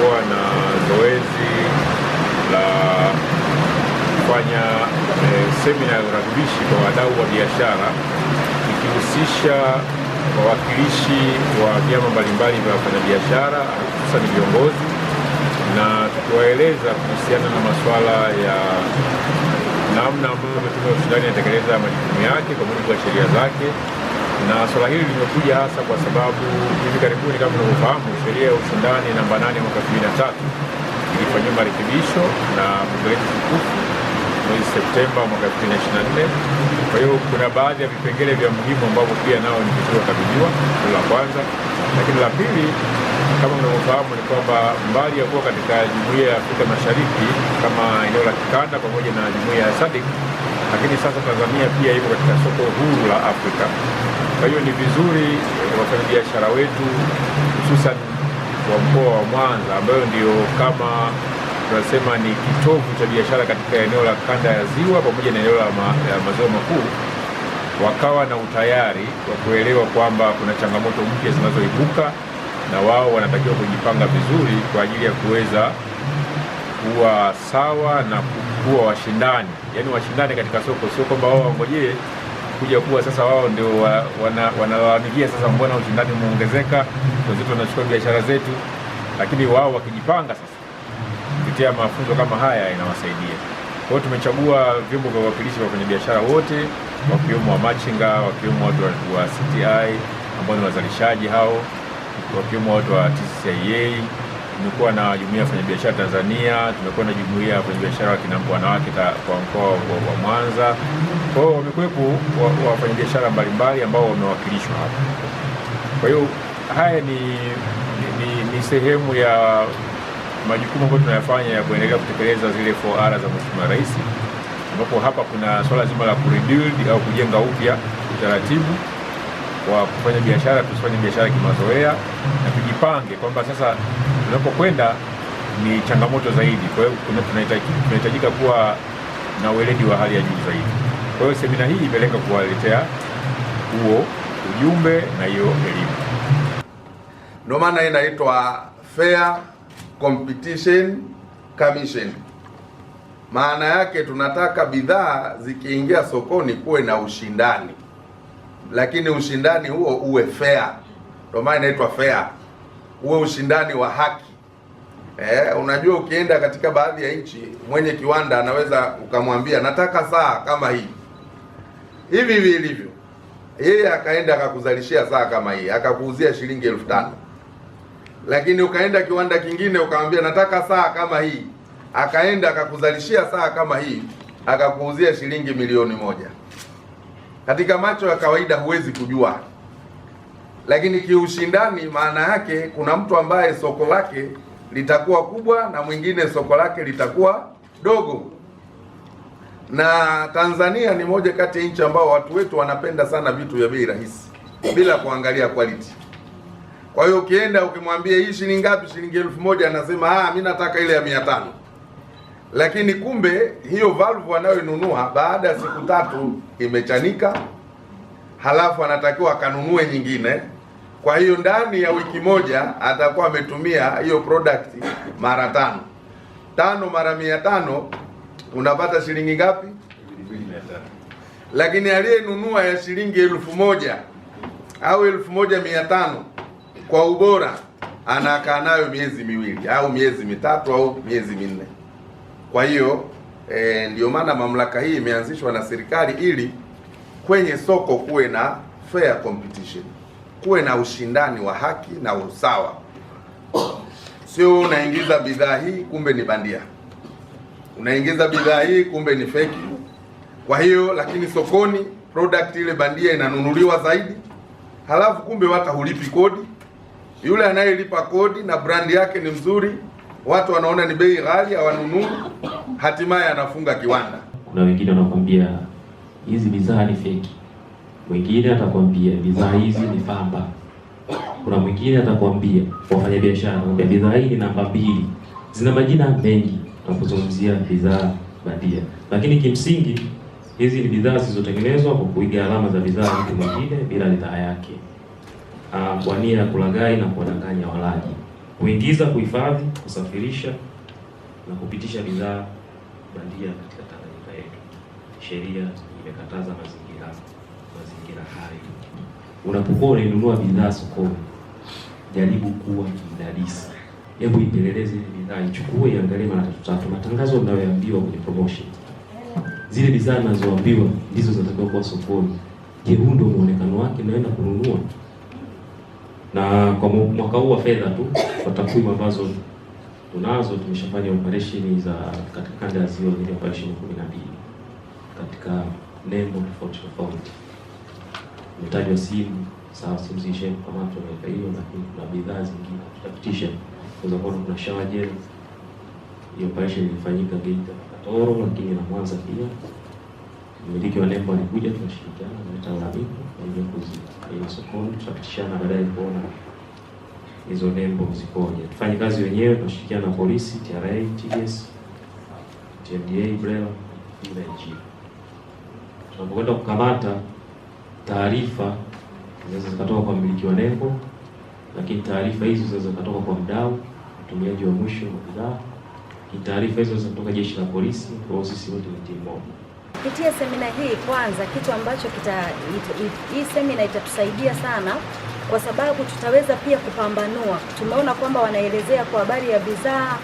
kuwa na zoezi la kufanya eh, semina ya urakbishi kwa wadau wa biashara ikihusisha wawakilishi wa vyama mbalimbali vya wafanyabiashara hususani viongozi, na tukiwaeleza kuhusiana na masuala ya namna ambavyo tume ya ushindani inatekeleza majukumu yake kwa mujibu wa sheria zake na swala hili limekuja hasa kwa sababu hivi karibuni, kama unavyofahamu, sheria ya ushindani namba 8 mwaka 2003 ilifanyiwa marekebisho na bunge letu tukufu mwezi Septemba mwaka 2024. Kwa hiyo kuna baadhi ya vipengele vya muhimu ambavyo pia nao ni vizuri kukabiliwa, hilo la kwanza. Lakini la pili, kama mnavyofahamu, ni kwamba mbali ya kuwa katika jumuiya ya Afrika Mashariki kama eneo la kikanda pamoja na jumuiya ya SADC lakini sasa Tanzania pia ipo katika soko huru la Afrika. Kwa hiyo ni vizuri wafanyabiashara wetu hususan wa mkoa wa Mwanza ambayo ndio kama tunasema ni kitovu cha biashara katika eneo la kanda ya Ziwa pamoja na eneo la ma, maziwa makuu wakawa na utayari wa kuelewa kwamba kuna changamoto mpya zinazoibuka na wao wanatakiwa kujipanga vizuri kwa ajili ya kuweza kuwa sawa na ku kuwa washindani, yaani washindani katika soko, sio kwamba wao wangojee kuja kuwa sasa wao ndio wanalalamikia wana, sasa mbona ushindani umeongezeka, wenzetu wanachukua biashara zetu. Lakini wao wakijipanga sasa kupitia mafunzo kama haya inawasaidia. Kwa hiyo tumechagua vyombo vya uwakilishi vya biashara wote wakiwemo wamachinga, wakiwemo watu wa CTI ambao ni wazalishaji hao, wakiwemo watu wa TCCIA tumekuwa na jumuiya ya wafanyabiashara Tanzania, tumekuwa na jumuiya ya wafanyabiashara wanawake kwa mkoa wa Mwanza. Kwa hiyo wamekuwepo wafanyabiashara mbalimbali ambao wamewakilishwa hapa. Kwa hiyo haya ni, ni, ni sehemu ya majukumu ambayo tunayafanya ya kuendelea kutekeleza zile 4R za Mheshimiwa Rais, ambapo hapa kuna swala zima la kurebuild au kujenga upya utaratibu wa kufanya biashara, tusifanye biashara kimazoea na tujipange kwamba sasa tunapokwenda ni changamoto zaidi. Kwa hiyo tunahitajika kuwa na weledi wa hali ya juu zaidi. Kwa hiyo semina hii imelenga kuwaletea huo ujumbe na hiyo elimu, ndio maana inaitwa Fair Competition Commission. Maana yake tunataka bidhaa zikiingia sokoni kuwe na ushindani, lakini ushindani huo uwe fair, ndio maana inaitwa fair uwe ushindani wa haki. Eh, unajua ukienda katika baadhi ya nchi mwenye kiwanda anaweza ukamwambia nataka saa kama hii hivi hivi ilivyo, yeye akaenda akakuzalishia saa kama hii akakuuzia shilingi elfu tano lakini ukaenda kiwanda kingine ukamwambia nataka saa kama hii, akaenda akakuzalishia saa kama hii akakuuzia shilingi milioni moja. Katika macho ya kawaida huwezi kujua lakini kiushindani, maana yake kuna mtu ambaye soko lake litakuwa kubwa na mwingine soko lake litakuwa dogo. Na Tanzania ni moja kati ya nchi ambao watu wetu wanapenda sana vitu vya bei rahisi bila kuangalia quality. Kwa hiyo ukienda ukimwambia hii shilingi ngapi? Shilingi elfu moja, anasema ah, mimi nataka ile ya mia tano. Lakini kumbe hiyo valve anayoinunua baada ya siku tatu imechanika, halafu anatakiwa akanunue nyingine kwa hiyo ndani ya wiki moja atakuwa ametumia hiyo product mara tano. Tano mara mia tano unapata shilingi ngapi? Lakini aliyenunua ya shilingi elfu moja au elfu moja mia tano kwa ubora anakaa nayo miezi miwili au miezi mitatu au miezi minne. Kwa hiyo e, ndio maana mamlaka hii imeanzishwa na serikali ili kwenye soko kuwe na fair competition kuwe na ushindani wa haki na usawa, sio unaingiza bidhaa hii kumbe ni bandia, unaingiza bidhaa hii kumbe ni feki. Kwa hiyo lakini sokoni product ile bandia inanunuliwa zaidi, halafu kumbe hata hulipi kodi. Yule anayelipa kodi na brandi yake ni mzuri, watu wanaona ni bei ghali, hawanunui, hatimaye anafunga kiwanda. Kuna wengine wanakuambia hizi bidhaa ni feki. Mwingine atakwambia bidhaa hizi ni pamba, kuna mwingine atakwambia wafanya biashara, atakwambia bidhaa hii ni namba mbili. Zina majina mengi na kuzungumzia bidhaa bandia, lakini kimsingi hizi ni bidhaa zilizotengenezwa kwa kuiga alama za bidhaa mtu mwingine bila ridhaa yake, ah, kwa nia ya kulagai na kuwadanganya walaji, kuingiza, kuhifadhi, kusafirisha na kupitisha bidhaa bandia katika Tanganyika yetu. Sheria imekataza mazingira mazingira hayo. Unapokuwa unainunua bidhaa sokoni, jaribu kuwa mdadisi. Hebu ipeleleze ile bidhaa, ichukue, iangalie mara tatu tatu. Matangazo mnayoambiwa kwenye promotion, zile bidhaa nazoambiwa ndizo zinatakiwa kuwa sokoni. Je, huu ndio muonekano wake naenda kununua? Na kwa mwaka huu wa fedha tu, kwa takwimu ambazo tunazo, tumeshafanya operation za katika kanda ya Ziwa, operation 12 katika nembo tofauti tofauti umetajwa simu sawa, simu zishe kwa watu wa miaka hiyo, lakini kuna bidhaa zingine tutapitisha kwa sababu kuna shawa Hiyo operation ilifanyika Geita Katoro, lakini na Mwanza pia. Mmiliki wa nembo alikuja, tunashirikiana na mtaa wa mtaalamu na ile kuzi ile sokoni, tutapitishana baadaye kuona hizo nembo zikoje. Tufanye kazi wenyewe, tunashirikiana na polisi, TRA, TBS, TMDA, BRELA, UNG. Tunapokwenda kukamata taarifa zinaweza zikatoka kwa mmiliki wa nembo, lakini taarifa hizo zinaweza zikatoka kwa mdau, mtumiaji wa mwisho wa bidhaa, lakini taarifa hizo zinaweza kutoka jeshi la polisi. Kwa hiyo sisi wote ni timu moja. Kupitia semina hii, kwanza kitu ambacho kita hii semina itatusaidia sana kwa sababu tutaweza pia kupambanua. Tumeona kwamba wanaelezea kwa habari ya bidhaa,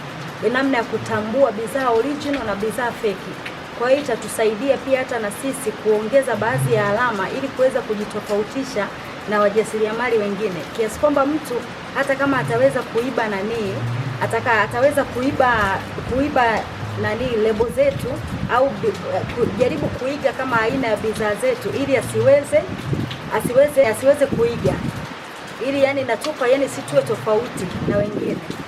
namna ya kutambua bidhaa original na bidhaa feki kwa hiyo itatusaidia pia hata na sisi kuongeza baadhi ya alama ili kuweza kujitofautisha na wajasiriamali wengine, kiasi kwamba mtu hata kama ataweza kuiba nani ataka ataweza kuiba kuiba nani lebo zetu au kujaribu kuiga kama aina ya bidhaa zetu, ili asiweze asiweze asiweze kuiga, ili yani natupa yani situwe tofauti na wengine.